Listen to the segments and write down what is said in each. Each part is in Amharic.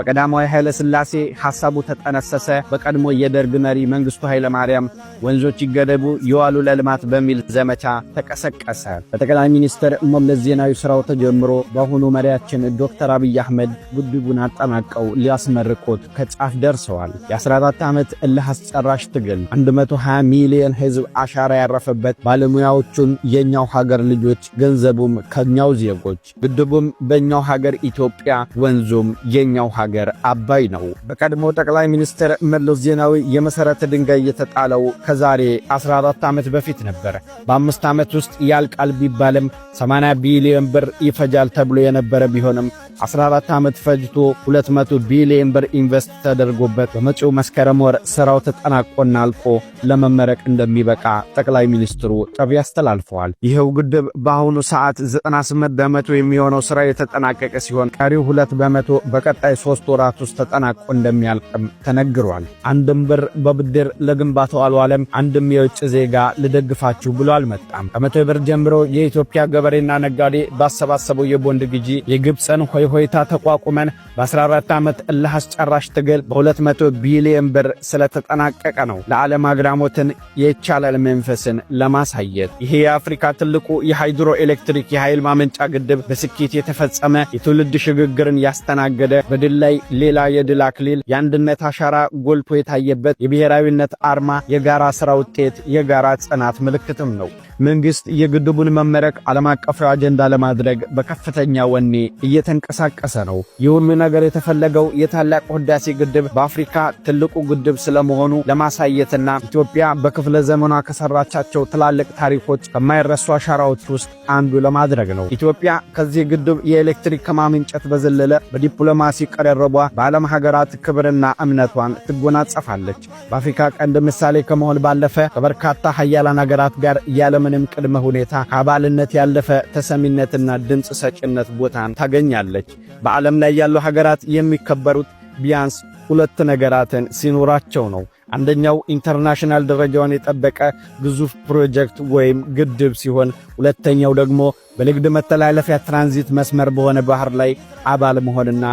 በቀዳማዊ ኃይለ ሥላሴ ሐሳቡ ተጠነሰሰ። በቀድሞ የደርግ መሪ መንግሥቱ ኃይለማርያም ወንዞች ይገደቡ፣ ይዋሉ ለልማት በሚል ዘመቻ ተቀሰቀሰ። በጠቅላይ ሚኒስትር መለስ ዜናዊ ሥራው ተጀምሮ በአሁኑ መሪያችን ዶክተር አብይ አሕመድ ግድቡን አጠናቀው ሊያስመርቁት ከጫፍ ደርሰዋል። የ14 ዓመት እልህ አስጨራሽ ትግል 120 ሚሊዮን ሕዝብ አሻራ ያረፈበት ባለሙያዎቹም የእኛው ሀገር ልጆች፣ ገንዘቡም ከእኛው ዜጎች፣ ግድቡም በእኛው ሀገር ኢትዮጵያ፣ ወንዙም የእኛው ሀገር ሀገር አባይ ነው። በቀድሞ ጠቅላይ ሚኒስትር መለስ ዜናዊ የመሠረተ ድንጋይ የተጣለው ከዛሬ 14 ዓመት በፊት ነበር። በአምስት ዓመት ውስጥ ያልቃል ቢባልም 80 ቢሊዮን ብር ይፈጃል ተብሎ የነበረ ቢሆንም 14 ዓመት ፈጅቶ 200 ቢሊዮን ብር ኢንቨስት ተደርጎበት በመጪው መስከረም ወር ሥራው ተጠናቆና አልቆ ለመመረቅ እንደሚበቃ ጠቅላይ ሚኒስትሩ ጥሪ አስተላልፈዋል። ይኸው ግድብ በአሁኑ ሰዓት 98 በመቶ የሚሆነው ሥራ የተጠናቀቀ ሲሆን ቀሪው 2 በመቶ በቀጣይ 3 በሦስት ወራት ውስጥ ተጠናቆ እንደሚያልቅም ተነግሯል። አንድም ብር በብድር ለግንባታው አልዋለም። አንድም የውጭ ዜጋ ልደግፋችሁ ብሎ አልመጣም። ከመቶ ብር ጀምሮ የኢትዮጵያ ገበሬና ነጋዴ ባሰባሰበው የቦንድ ግዢ የግብፅን ሆይሆይታ ተቋቁመን በ14 ዓመት እልህ አስጨራሽ ትግል በ200 ቢሊዮን ብር ስለተጠናቀቀ ነው። ለዓለም አግራሞትን የቻላል መንፈስን ለማሳየት ይሄ የአፍሪካ ትልቁ የሃይድሮ ኤሌክትሪክ የኃይል ማመንጫ ግድብ በስኬት የተፈጸመ የትውልድ ሽግግርን ያስተናገደ በድል ላይ ሌላ የድል አክሊል፣ የአንድነት አሻራ ጎልቶ የታየበት የብሔራዊነት አርማ የጋራ ሥራ ውጤት፣ የጋራ ጽናት ምልክትም ነው። መንግሥት የግድቡን መመረቅ ዓለም አቀፋዊ አጀንዳ ለማድረግ በከፍተኛ ወኔ እየተንቀሳቀሰ ነው። ይህ ነገር የተፈለገው የታላቁ ሕዳሴ ግድብ በአፍሪካ ትልቁ ግድብ ስለመሆኑ ለማሳየትና ኢትዮጵያ በክፍለ ዘመኗ ከሠራቻቸው ትላልቅ ታሪኮች ከማይረሱ አሻራዎች ውስጥ አንዱ ለማድረግ ነው። ኢትዮጵያ ከዚህ ግድብ የኤሌክትሪክ ከማመንጨት በዘለለ በዲፕሎማሲ ቀሪ በመደረቧ በዓለም ሀገራት ክብርና እምነቷን ትጎናጸፋለች። በአፍሪካ ቀንድ ምሳሌ ከመሆን ባለፈ ከበርካታ ሀያላን ሀገራት ጋር ያለምንም ቅድመ ሁኔታ ከአባልነት ያለፈ ተሰሚነትና ድምፅ ሰጭነት ቦታን ታገኛለች። በዓለም ላይ ያሉ ሀገራት የሚከበሩት ቢያንስ ሁለት ነገራትን ሲኖራቸው ነው። አንደኛው ኢንተርናሽናል ደረጃውን የጠበቀ ግዙፍ ፕሮጀክት ወይም ግድብ ሲሆን ሁለተኛው ደግሞ በንግድ መተላለፊያ ትራንዚት መስመር በሆነ ባህር ላይ አባል መሆንና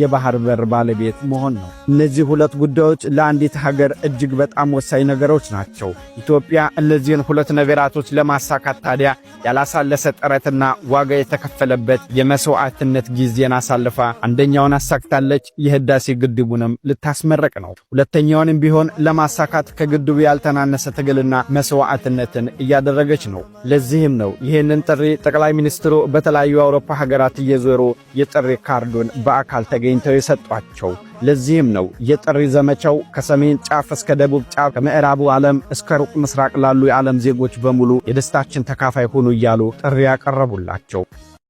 የባህር በር ባለቤት መሆን ነው። እነዚህ ሁለት ጉዳዮች ለአንዲት ሀገር እጅግ በጣም ወሳኝ ነገሮች ናቸው። ኢትዮጵያ እነዚህን ሁለት ነገራቶች ለማሳካት ታዲያ ያላሳለሰ ጥረትና ዋጋ የተከፈለበት የመስዋዕትነት ጊዜን አሳልፋ አንደኛውን አሳክታለች። የህዳሴ ግድቡንም ልታስመረቅ ነው። ሁለተኛውንም ቢሆን ለማሳካት ከግድቡ ያልተናነሰ ትግልና መስዋዕትነትን እያደረገች ነው። ለዚህም ነው ይህንን ጥሪ ጠቅላይ ሚኒስትሩ በተለያዩ የአውሮፓ ሀገራት እየዞሩ የጥሪ ካርዱን በአካል ተገኝተው የሰጧቸው። ለዚህም ነው የጥሪ ዘመቻው ከሰሜን ጫፍ እስከ ደቡብ ጫፍ ከምዕራቡ ዓለም እስከ ሩቅ ምስራቅ ላሉ የዓለም ዜጎች በሙሉ የደስታችን ተካፋይ ሁኑ እያሉ ጥሪ ያቀረቡላቸው።